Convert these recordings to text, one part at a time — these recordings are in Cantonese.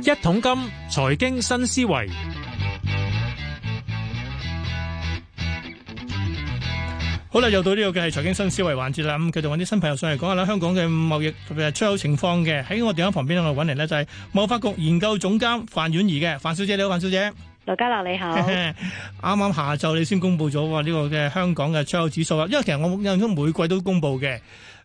一桶金財經新思維，好啦，又到呢個嘅財經新思維環節啦。咁，繼續揾啲新朋友上嚟講下啦。香港嘅貿易特別係出口情況嘅，喺我電話旁邊度，我揾嚟呢就係貿發局研究總監范婉兒，嘅范小姐。你好，范小姐。劉家樂你好。啱啱下晝你先公布咗呢個嘅香港嘅出口指數啦。因為其實我印象中每季都公布嘅。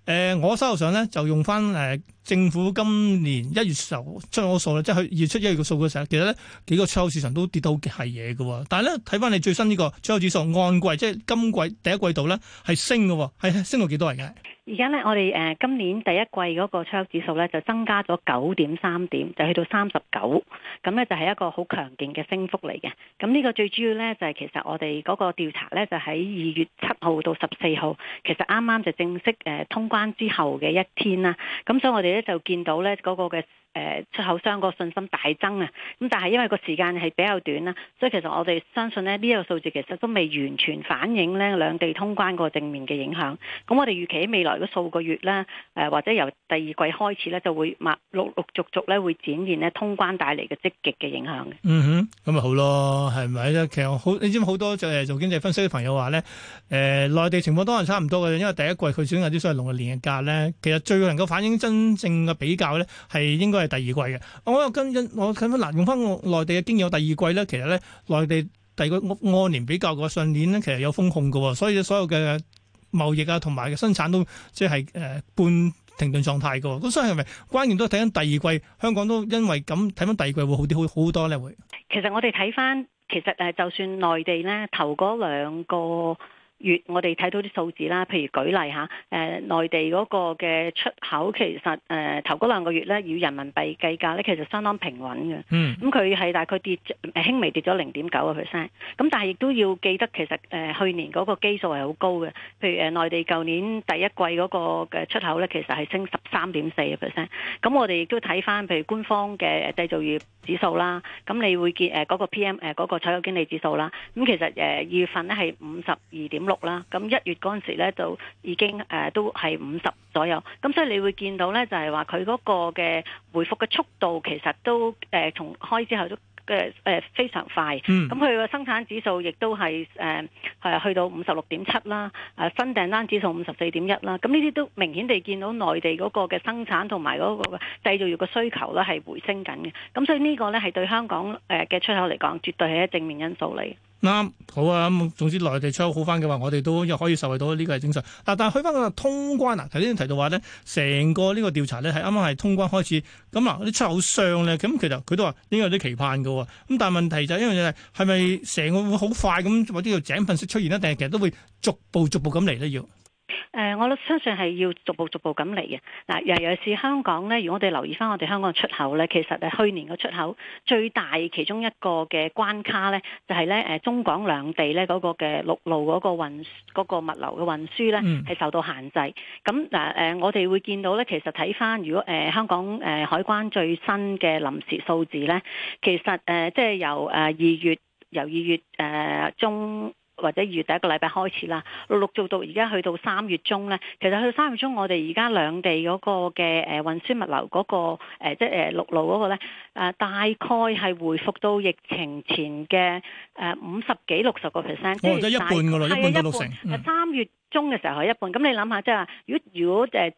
誒、呃、我收入上咧就用翻誒、呃、政府今年一月十號出咗數數，即係二月出一月個數嘅時候，其實咧幾個出口市場都跌到係嘢喎。但係咧睇翻你最新呢、這個出口指數按季，即、就、係、是、今季第一季度咧係升嘅、哦，係升到幾多嚟嘅？而家咧，我哋誒、呃、今年第一季嗰個出口指數咧，就增加咗九點三點，就去到三十九，咁咧就係一個好強勁嘅升幅嚟嘅。咁呢個最主要咧，就係、是、其實我哋嗰個調查咧，就喺二月七號到十四號，其實啱啱就正式誒、呃、通關之後嘅一天啦。咁所以我哋咧就見到咧嗰、那個嘅。誒出口商個信心大增啊！咁但係因為個時間係比較短啦，所以其實我哋相信咧，呢一個數字其實都未完全反映咧兩地通關個正面嘅影響。咁我哋預期喺未來嗰數個月啦，誒或者由第二季開始咧，就會慢陸陸續續咧會展現咧通關帶嚟嘅積極嘅影響。嗯哼，咁咪好咯，係咪？其實好，你知好多做經濟分析嘅朋友話呢，誒、呃、內地情況當然差唔多嘅，因為第一季佢選擇啲所謂農曆年嘅價呢，其實最能夠反映真正嘅比較呢，係應該係。第二季嘅，我又跟緊我睇翻嗱，用翻內地嘅經有第二季咧，其實咧內地第二季按年比較過上年咧，其實有封控嘅，所以所有嘅貿易啊同埋嘅生產都即係誒半停頓狀態嘅。咁所以係咪關鍵都睇緊第二季？香港都因為咁睇翻第二季會好啲，會好好多咧會。其實我哋睇翻，其實誒就算內地咧，頭嗰兩個月我哋睇到啲數字啦，譬如舉例吓，誒、呃、內地嗰個嘅出口其實誒、呃、頭嗰兩個月咧，以人民幣計價咧，其實相當平穩嘅。嗯，咁佢係大概跌誒輕微跌咗零點九個 percent，咁但係亦都要記得其實誒去年嗰個基數係好高嘅，譬如誒內、呃、地舊年第一季嗰個嘅出口咧，其實係升十三點四個 percent。咁我哋亦都睇返譬如官方嘅製造業指數啦，咁你會見誒嗰個 PM 誒、呃、嗰、嗰個採購經理指數啦，咁其實誒二、呃、月份咧係五十二點六啦，咁一月嗰陣時咧就已經誒都係五十左右，咁所以你會見到咧就係話佢嗰個嘅回復嘅速度其實都誒從開之後都嘅誒非常快，咁佢個生產指數亦都係誒係去到五十六點七啦，誒新訂單指數五十四點一啦，咁呢啲都明顯地見到內地嗰個嘅生產同埋嗰個製造業嘅需求咧係回升緊嘅，咁所以呢個咧係對香港誒嘅出口嚟講絕對係一正面因素嚟。啱、嗯、好啊！咁總之內地出口好翻嘅話，我哋都又可以受惠到，呢個係正常。啊、但但係去翻個通關啊！頭先提到話咧，成個呢個調查咧係啱啱係通關開始，咁啊，啲出口商咧，咁其實佢都話應該有啲期盼㗎喎。咁但係問題就因為就係，係咪成個會好快咁或者叫井噴式出現咧？定係其實都會逐步逐步咁嚟咧要？誒、呃，我相信係要逐步逐步咁嚟嘅。嗱，尤其是香港呢，如果我哋留意翻我哋香港嘅出口呢，其實去年嘅出口最大其中一個嘅關卡呢，就係、是、呢中港兩地呢嗰個嘅陸路嗰個運嗰、嗰個物流嘅運輸呢，係受到限制。咁嗱、呃、我哋會見到呢，其實睇翻如果誒、呃、香港、呃、海關最新嘅臨時數字呢，其實誒即係由誒二、呃、月由二月誒、呃、中。或者二月第一個禮拜開始啦，陸陸續續而家去到三月中咧，其實去到三月中，我哋而家兩地嗰個嘅誒運輸物流嗰個即係誒陸路嗰個咧，誒大概係回復到疫情前嘅誒五十幾六十個 percent，即係一半個啦，一半到六成。三月中嘅時候係一半，咁你諗下即係話如果如果誒。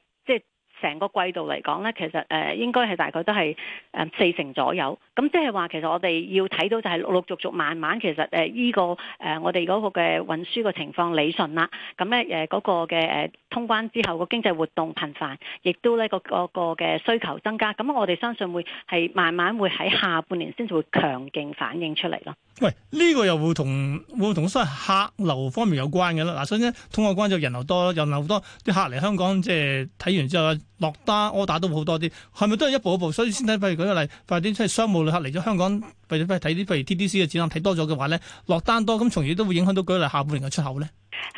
成個季度嚟講，呢其實誒應該係大概都係誒四成左右。咁即係話，其實我哋要睇到就係陸陸續續慢慢，其實誒、這、依個誒我哋嗰個嘅運輸嘅情況理順啦。咁呢誒嗰個嘅誒通關之後個經濟活動頻繁，亦都呢個個嘅需求增加。咁我哋相信會係慢慢會喺下半年先至會強勁反映出嚟咯。喂，呢個又會同會唔會同嗰啲客流方面有關嘅啦嗱，所以呢，通過關就人流多，人流多啲客嚟香港，即係睇完之後落單，我打都好多啲，係咪都係一步一步？所以先睇，譬如舉個例，快啲即係商務旅客嚟咗香港，譬如睇啲譬如 TDC 嘅展覽睇多咗嘅話咧，落單多，咁從而都會影響到舉例下半年嘅出口咧。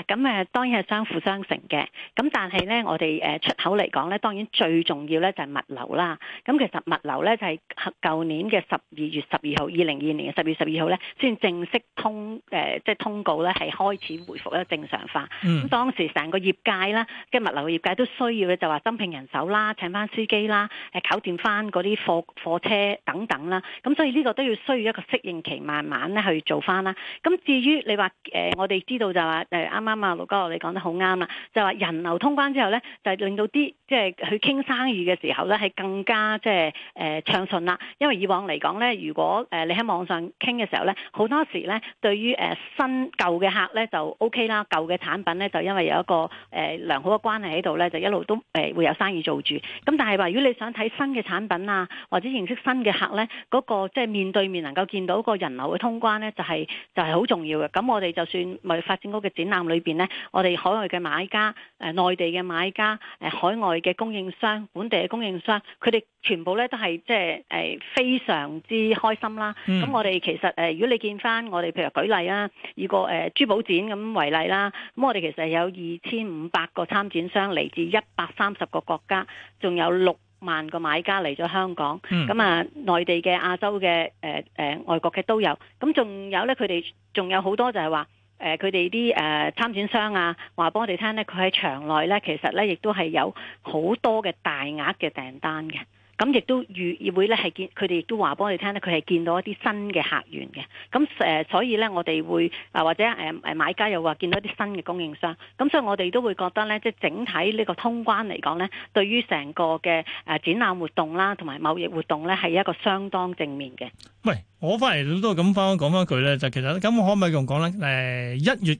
咁誒當然係相輔相成嘅，咁但係咧，我哋誒出口嚟講咧，當然最重要咧就係物流啦。咁其實物流咧就係舊年嘅十二月十二號，二零二二年嘅十二月十二號咧，先正式通誒，即係通告咧係開始回復得正常化。咁、嗯、當時成個業界啦，即係物流嘅業界都需要呢，就話增聘人手啦，請翻司機啦，誒搞掂翻嗰啲貨貨車等等啦。咁所以呢個都要需要一個適應期，慢慢咧去做翻啦。咁至於你話誒，我哋知道就話啱啱啊，陸哥，我哋講得好啱啦，就話人流通關之後咧，就令到啲即係去傾生意嘅時候咧，係更加即係暢順啦。因為以往嚟講咧，如果你喺網上傾嘅時候咧，好多時咧對於新舊嘅客咧就 OK 啦，舊嘅產品咧就因為有一個、呃、良好嘅關係喺度咧，就一路都誒、呃、會有生意做住。咁但係話如果你想睇新嘅產品啊，或者認識新嘅客咧，嗰個即係面對面能夠見到個人流嘅通關咧，就係就係好重要嘅。咁我哋就算咪發展嗰個展覽。裏邊咧，我哋海外嘅買家，誒、呃、內地嘅買家，誒、呃、海外嘅供應商，本地嘅供應商，佢哋全部咧都係即係誒非常之開心啦。咁、mm. 我哋其實誒、呃，如果你見翻我哋譬如舉例啦，以個誒珠寶展咁為例啦，咁我哋其實有二千五百個參展商嚟自一百三十個國家，仲有六萬個買家嚟咗香港。咁、mm. 啊，內地嘅、亞洲嘅、誒、呃、誒、呃、外國嘅都有。咁仲有咧，佢哋仲有好多就係話。誒佢哋啲誒參展商啊，話俾我哋聽咧，佢喺場內咧，其實咧亦都係有好多嘅大額嘅訂單嘅。咁亦都業業會咧係見佢哋亦都話幫我哋聽咧，佢係見到一啲新嘅客源嘅。咁誒，所以咧我哋會啊或者誒誒買家又話見到一啲新嘅供應商。咁所以我哋都會覺得咧，即係整體呢個通關嚟講咧，對於成個嘅誒展覽活動啦，同埋貿易活動咧，係一個相當正面嘅。喂，我翻嚟都係咁翻講翻一句咧，就其實咁可唔可以用講咧？誒一月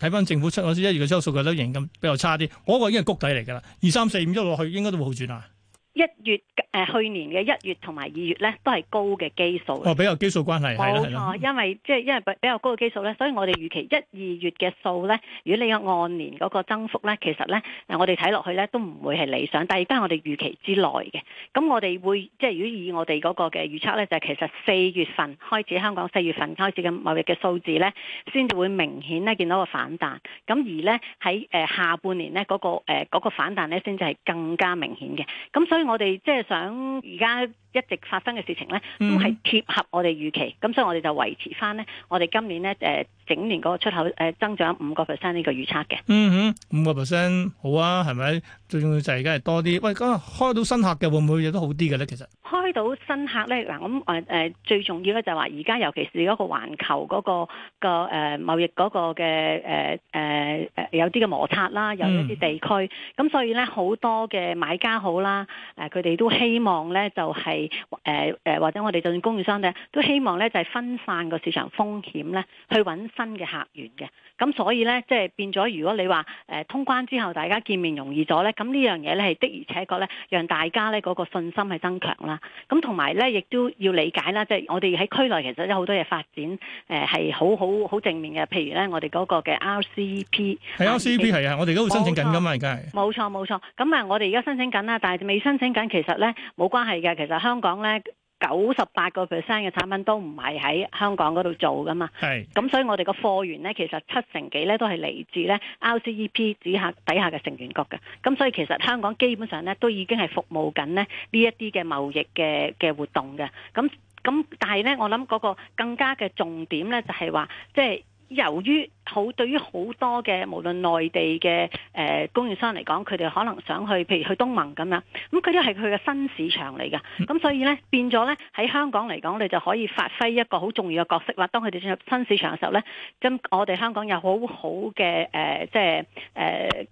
睇翻政府出嗰啲一月嘅出口數據都仍然比較差啲，我話個已經係谷底嚟㗎啦，二三四五一路落去應該都會好轉啊！一月誒去年嘅一月同埋二月咧，都係高嘅基數。哦，比較基數關係，冇錯，係，因為即係因為比較高嘅基數咧，所以我哋預期一二月嘅數咧，如果你嘅按年嗰個增幅咧，其實咧，我哋睇落去咧都唔會係理想，但係都係我哋預期之內嘅。咁我哋會即係如果以我哋嗰個嘅預測咧，就係其實四月份開始香港四月份開始嘅貿易嘅數字咧，先至會明顯咧見到個反彈。咁而咧喺誒下半年咧嗰個誒嗰個反彈咧，先至係更加明顯嘅。咁所以。所以我哋即係想，而家一直發生嘅事情咧，都係貼合我哋預期。咁所以我哋就維持翻咧，我哋今年咧，誒，整年嗰個出口誒增長五個 percent 呢個預測嘅。嗯哼，五個 percent 好啊，係咪？最重要就係而家係多啲。喂，咁、啊、開到新客嘅會唔會亦都好啲嘅咧？其實。開到新客咧，嗱咁誒誒，最重要咧就係話，而家尤其是嗰個環球嗰個個誒貿易嗰個嘅誒誒誒有啲嘅摩擦啦，有一啲地區，咁所以咧好多嘅買家好啦，誒佢哋都希望咧就係誒誒或者我哋就算供應商咧，都希望咧就係分散個市場風險咧，去揾新嘅客源嘅。咁所以咧即係變咗，如果你話誒通關之後大家見面容易咗咧，咁呢樣嘢咧係的而且確咧，讓大家咧嗰個信心係增強啦。咁同埋咧，亦都要理解啦，即係我哋喺區內其實有好多嘢發展，誒係好好好正面嘅。譬如咧，我哋嗰個嘅 RCEP 係 RCEP 係啊，我哋都會申請緊噶嘛，而家係冇錯冇錯。咁啊，我哋而家申請緊啦，但係未申請緊，其實咧冇關係嘅。其實香港咧。九十八個 percent 嘅產品都唔係喺香港嗰度做噶嘛，咁係所以我哋個貨源咧，其實七成幾咧都係嚟自咧 RCEP 底下底下嘅成員國嘅，咁所以其實香港基本上咧都已經係服務緊咧呢一啲嘅貿易嘅嘅活動嘅，咁咁但係咧我諗嗰個更加嘅重點咧就係話，即係由於。好對於好多嘅無論內地嘅誒供應商嚟講，佢哋可能想去，譬如去東盟咁樣，咁佢都係佢嘅新市場嚟㗎。咁所以咧變咗咧喺香港嚟講，你就可以發揮一個好重要嘅角色啦。當佢哋進入新市場嘅時候咧，咁我哋香港有好好嘅誒，即係誒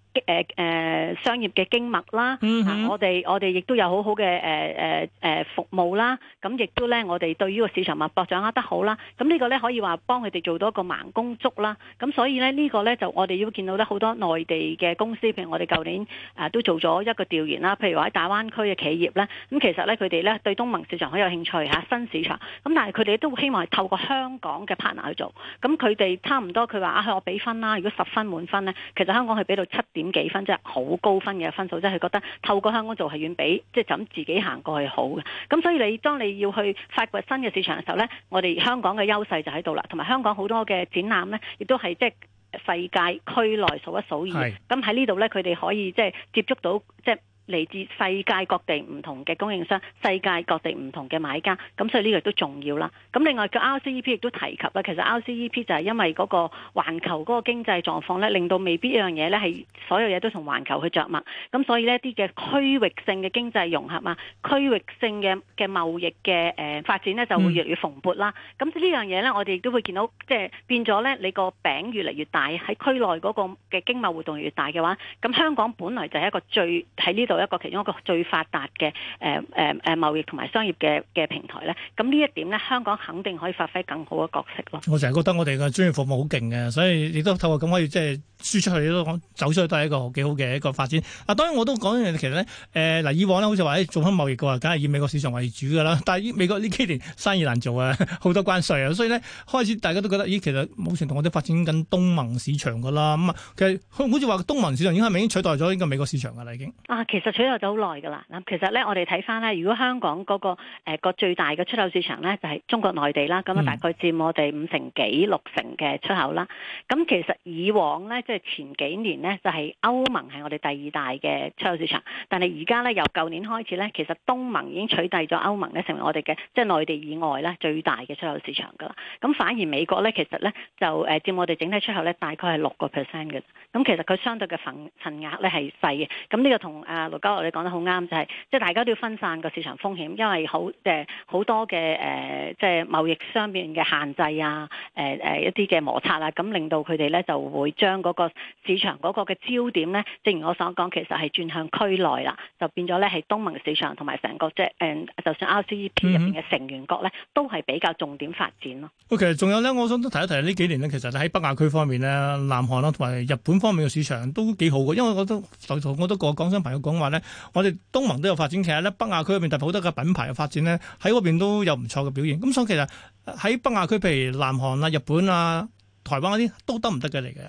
誒誒商業嘅經脈啦、嗯哼啊。我哋我哋亦都有好好嘅誒誒誒服務啦。咁亦都咧，我哋對呢個市場脈搏掌握得好啦。咁呢個咧可以話幫佢哋做到一個盲公竹啦。咁咁所以咧，這個、呢個咧就我哋要見到咧好多內地嘅公司，譬如我哋舊年誒、啊、都做咗一個調研啦，譬如話喺大灣區嘅企業咧，咁、啊、其實咧佢哋咧對東盟市場好有興趣嚇、啊、新市場，咁、啊、但係佢哋都希望係透過香港嘅 partner 去做，咁佢哋差唔多佢話啊，我俾分啦，如果十分滿分咧，其實香港係俾到七點幾分，即係好高分嘅分數，即係覺得透過香港做係遠比即係就咁、是、自己行過去好嘅。咁、啊、所以你當你要去發掘新嘅市場嘅時候咧，我哋香港嘅優勢就喺度啦，同埋香港好多嘅展覽咧，亦都係。即係世界區內數一數二，咁喺是呢度咧，佢哋可以即係、即係、接觸到即係。即係嚟自世界各地唔同嘅供應商、世界各地唔同嘅買家，咁所以呢個都重要啦。咁另外個 RCEP 亦都提及啦，其實 RCEP 就係因為嗰個環球嗰個經濟狀況咧，令到未必一樣嘢咧係所有嘢都同環球去着墨，咁所以呢啲嘅區域性嘅經濟融合啊、區域性嘅嘅貿易嘅誒發展咧就會越嚟越蓬勃啦。咁、嗯、呢樣嘢咧，我哋亦都會見到，即、就、係、是、變咗咧，你個餅越嚟越大，喺區內嗰個嘅經貿活動越大嘅話，咁香港本來就係一個最喺呢度。在這裏一個其中一個最發達嘅誒誒誒貿易同埋商業嘅嘅平台咧，咁呢一點咧，香港肯定可以發揮更好嘅角色咯。我成日覺得我哋嘅專業服務好勁嘅，所以亦都透過咁可以即係輸出去都講走出去都係一個幾好嘅一個發展。啊，當然我都講其實咧誒嗱，以往咧好似話做翻貿易嘅話，梗係以美國市場為主噶啦。但係美國呢幾年生意難做啊，好多關稅啊，所以咧開始大家都覺得，咦，其實好少同我哋發展緊東盟市場噶啦。咁啊，其實好似話東盟市場應該已經取代咗呢個美國市場噶啦已經啊，其實。就取代咗好耐㗎喇。嗱，其實咧，我哋睇返咧，如果香港嗰、那個誒、呃、最大嘅出口市場咧，就係、是、中國內地啦。咁啊，大概佔我哋五成幾六成嘅出口啦。咁其實以往咧，即、就、係、是、前幾年咧，就係、是、歐盟係我哋第二大嘅出口市場。但係而家咧，由舊年開始咧，其實東盟已經取代咗歐盟咧，成為我哋嘅即係內地以外咧最大嘅出口市場㗎喇。咁反而美國咧，其實咧就誒佔我哋整體出口咧，大概係六個 percent 嘅。咁其實佢相對嘅份份額咧係細嘅。咁呢個同啊。呃嗰我哋講得好啱，就係即係大家都要分散個市場風險，因為好誒好多嘅誒即係貿易雙邊嘅限制啊，誒、呃、誒、呃、一啲嘅摩擦啊，咁令到佢哋咧就會將嗰個市場嗰個嘅焦點咧，正如我所講，其實係轉向區內啦，就變咗咧係東盟市場同埋成個即係誒，就算 RCEP 入邊嘅成員國咧，嗯、哼都係比較重點發展咯。OK，其實仲有咧，我想都提一提，呢幾年咧，其實喺北亞區方面咧，南韓啦同埋日本方面嘅市場都幾好嘅，因為我都就我都個港商朋友講話。咧，我哋東盟都有發展，其實咧，北亞區裏邊特好多嘅品牌嘅發展咧，喺嗰邊都有唔錯嘅表現。咁所以其實喺北亞區，譬如南韓啊、日本啊、台灣嗰啲都得唔得嘅嚟嘅。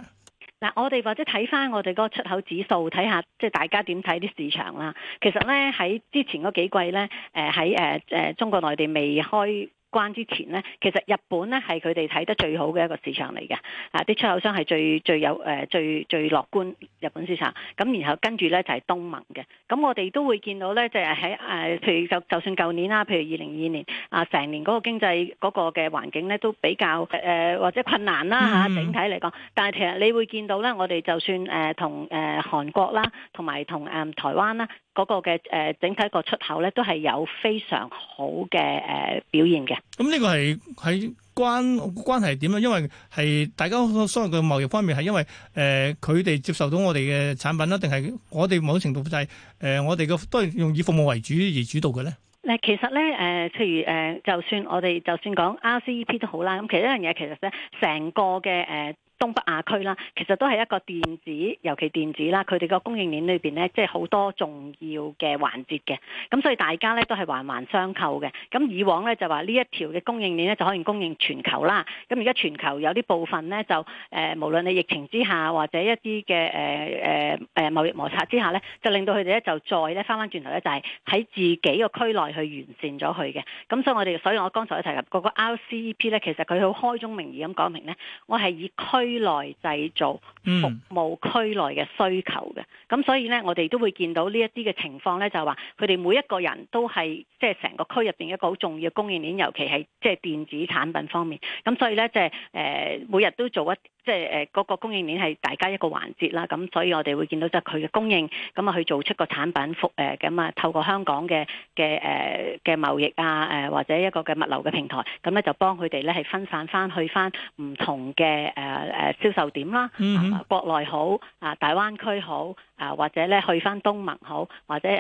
嗱，我哋或者睇翻我哋嗰個出口指數，睇下即係大家點睇啲市場啦。其實咧喺之前嗰幾季咧，誒喺誒誒中國內地未開關之前呢，其實日本呢係佢哋睇得最好嘅一個市場嚟嘅，啊啲出口商係最最有誒最最樂觀日本市場。咁然後跟住呢，就係東盟嘅，咁我哋都會見到呢，就係喺誒譬如就就算舊年啦，譬如二零二二年。啊，成年嗰個經濟嗰個嘅環境咧，都比較誒、呃、或者困難啦嚇。整體嚟講，嗯、但係其實你會見到咧，我哋就算誒同誒韓國啦，同埋同誒台灣啦嗰個嘅誒整體個出口咧，都係有非常好嘅誒表現嘅。咁呢、嗯這個係喺關關係點啊？因為係大家所謂嘅貿易方面係因為誒佢哋接受到我哋嘅產品啦，定係我哋某程度就係、是、誒、呃、我哋嘅都係用以服務為主而主導嘅咧？誒其實呢，誒譬如誒，就算我哋就算講 RCEP 都好啦，咁其，其實一樣嘢，其實呢成個嘅誒。呃東北亞區啦，其實都係一個電子，尤其電子啦，佢哋個供應鏈裏面呢，即係好多重要嘅環節嘅。咁所以大家呢，都係環環相扣嘅。咁以往呢，就話呢一條嘅供應鏈呢，就可以供應全球啦。咁而家全球有啲部分呢，就誒、呃，無論你疫情之下或者一啲嘅誒誒貿易摩擦之下呢，就令到佢哋咧就再咧返返轉頭咧就係喺自己個區內去完善咗佢嘅。咁所以我哋所以我剛才提及嗰個 RCEP 呢，其實佢好開宗明義咁講明呢，我係以區。區內、嗯、製造服務區內嘅需求嘅。咁所以呢，我哋都會見到呢一啲嘅情況呢，就係話佢哋每一個人都係即係成個區入邊一個好重要嘅供應鏈，尤其係即係電子產品方面。咁所以呢，即係誒，每日都做一即係誒，嗰個供應鏈係大家一個環節啦。咁所以我哋會見到就係佢嘅供應咁啊，去做出個產品服誒咁啊，透過香港嘅嘅誒嘅貿易啊，誒或者一個嘅物流嘅平台，咁呢就幫佢哋呢係分散翻去翻唔同嘅誒。呃誒銷售點啦，國內好啊，大灣區好啊，或者咧去翻東盟好，或者誒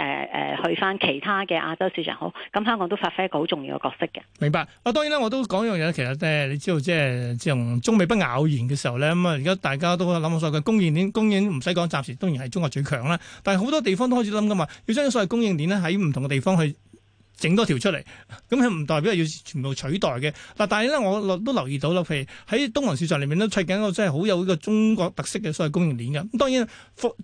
誒去翻其他嘅亞洲市場好，咁香港都發揮一個好重要嘅角色嘅。明白啊，當然啦，我都講一樣嘢咧，其實誒，你知道即係自從中美不咬然嘅時候咧，咁啊而家大家都諗下所謂嘅供應鏈，供應唔使講，暫時當然係中國最強啦，但係好多地方都開始諗㗎嘛，要將所謂供應鏈咧喺唔同嘅地方去。整多條出嚟，咁係唔代表係要全部取代嘅。嗱，但係咧，我都留意到啦，譬如喺東南市場裏面都砌緊一個真係好有呢個中國特色嘅所謂供應鏈嘅。咁當然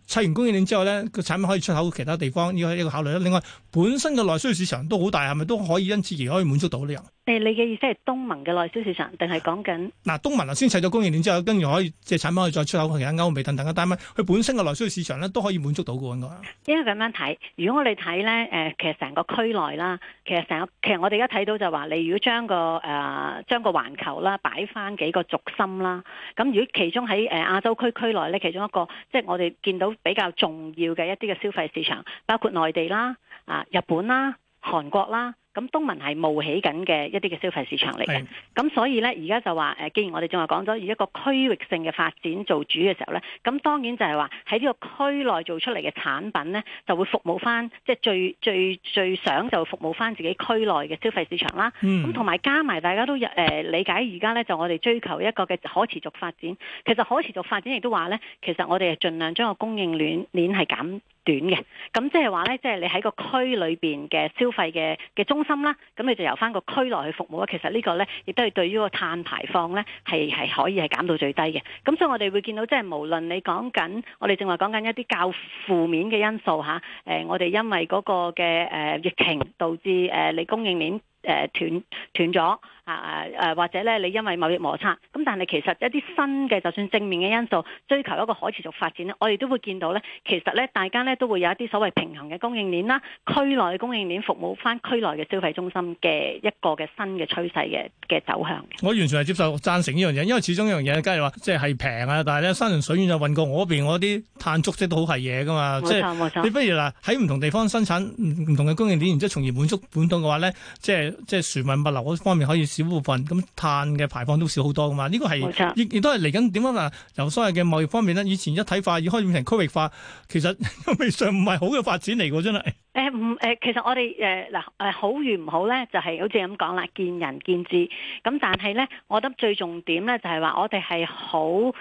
砌完供應鏈之後咧，個產品可以出口其他地方，要一個考慮啦。另外，本身嘅內需市場都好大，係咪都可以因此而可以滿足到呢樣？你嘅意思係東盟嘅內銷市場，定係講緊？嗱，東盟啊先砌咗供應鏈之後，跟住可以即係、就是、產品可以再出口去其他歐美等等嘅單位，佢本身嘅內銷市場咧都可以滿足到嘅。嗯、應該因為咁樣睇，如果我哋睇咧，誒、呃，其實成個區內啦，其實成個，其實我哋而家睇到就話，你如果將個誒，將、呃、個環球啦擺翻幾個軸心啦，咁如果其中喺誒亞洲區區內咧，其中一個即係、就是、我哋見到比較重要嘅一啲嘅消費市場，包括內地啦、啊、呃、日本啦、韓國啦。咁東盟係冒起緊嘅一啲嘅消費市場嚟嘅，咁的、嗯、所以呢，而家就話、呃、既然我哋正話講咗以一個區域性嘅發展做主嘅時候呢，咁當然就係話喺呢個區內做出嚟嘅產品呢，就會服務翻即係最最最想就服務翻自己區內嘅消費市場啦。咁同埋加埋大家都、呃、理解，而家呢就我哋追求一個嘅可持續發展，其實可持續發展亦都話呢，其實我哋係盡量將個供應鏈鏈係減。短嘅，咁即係話呢，即係你喺個區裏面嘅消費嘅嘅中心啦，咁你就由翻個區內去服務啦。其實呢個呢，亦都係對於個碳排放呢，係係可以係減到最低嘅。咁所以我哋會見到，即係無論你講緊，我哋正話講緊一啲較負面嘅因素嚇，誒，我哋因為嗰個嘅誒疫情導致誒你供應鏈誒斷斷咗。啊啊誒或者咧你因為貿易摩擦咁，但係其實一啲新嘅就算正面嘅因素，追求一個可持續發展咧，我哋都會見到咧。其實咧，大家咧都會有一啲所謂平衡嘅供應鏈啦，區內嘅供應鏈服務翻區內嘅消費中心嘅一個嘅新嘅趨勢嘅嘅走向。我完全係接受贊成依樣嘢，因為始終依樣嘢，梗係話即係係平啊，但係咧山長水遠就運過我邊，我啲碳足跡都好係嘢噶嘛。冇錯冇錯。你不如嗱喺唔同地方生產唔同嘅供應鏈，然之後從而滿足本土嘅話咧，即係即係船運物流嗰方面可以。少部分咁碳嘅排放都少好多噶嘛？這個、錯呢個係亦亦都係嚟緊點樣啊？由所謂嘅貿易方面咧，以前一體化，要開始變成區域化，其實未嘗唔係好嘅發展嚟喎，真係。誒唔誒，其實我哋誒嗱誒好與唔好咧，就係好似咁講啦，見仁見智。咁但係咧，我覺得最重點咧就係話、嗯，我哋係好誒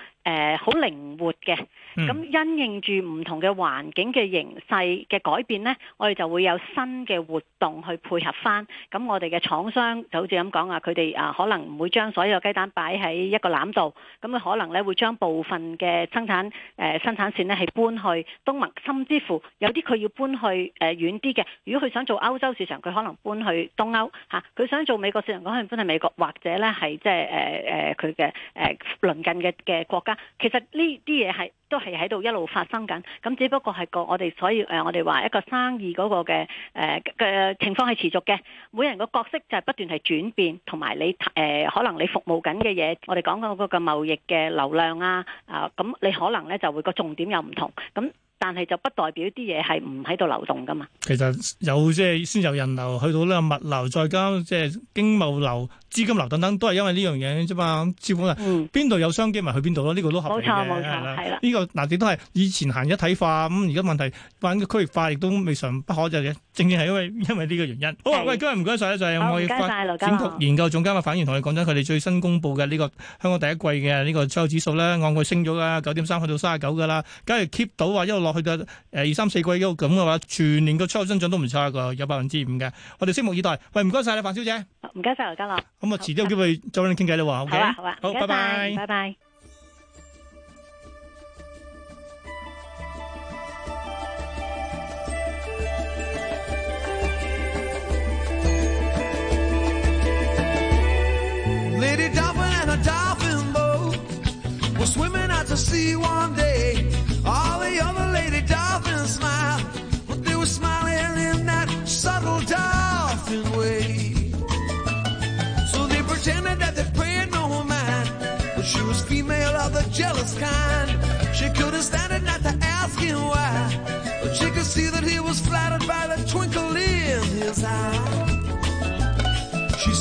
好靈活嘅。咁因應住唔同嘅環境嘅形勢嘅改變咧，我哋就會有新嘅活動去配合翻。咁我哋嘅廠商就好似咁講啊，佢哋啊可能唔會將所有嘅雞蛋擺喺一個籃度，咁佢可能咧會將部分嘅生產誒生產線咧係搬去東盟，甚至乎有啲佢要搬去誒。遠啲嘅，如果佢想做歐洲市場，佢可能搬去東歐嚇；佢想做美國市場，佢可能搬去美國，或者咧係即係誒誒佢嘅誒鄰近嘅嘅國家。其實呢啲嘢係都係喺度一路發生緊，咁只不過係個我哋所以誒，我哋話一個生意嗰個嘅誒嘅情況係持續嘅，每人個角色就係不斷係轉變，同埋你誒、呃、可能你服務緊嘅嘢，我哋講緊嗰個貿易嘅流量啊啊，咁你可能咧就會個重點又唔同咁。但係就不代表啲嘢係唔喺度流動㗎嘛。其實有即係先有人流去到呢個物流，再加即係經貿流。資金流等等都係因為呢樣嘢啫嘛，資本啊，邊度、嗯、有商機咪去邊度咯？呢、這個都合理，冇錯冇錯，係啦。呢的的、這個嗱，亦都係以前行一體化咁，而家問題反區域化亦都未嘗不可就嘅。正正係因為因為呢個原因。是好啊，喂，今日唔該晒，啊、就、曬、是，我貿發局研究總監啊，范婉兒同你講真，佢哋最新公布嘅呢、這個香港第一季嘅呢、這個出口指數咧，按季升咗噶，九點三去到三十九噶啦，假如 keep 到話一路落去到誒二三四季一路咁嘅話，全年個出口增長都唔錯噶，有百分之五嘅。我哋拭目以待。喂，唔該晒，你，范小姐。唔該晒，劉家樂。咁啊，遲啲有機會再搵你傾偈啦喎。好啊吧，okay? 好啊，好，拜拜，拜拜。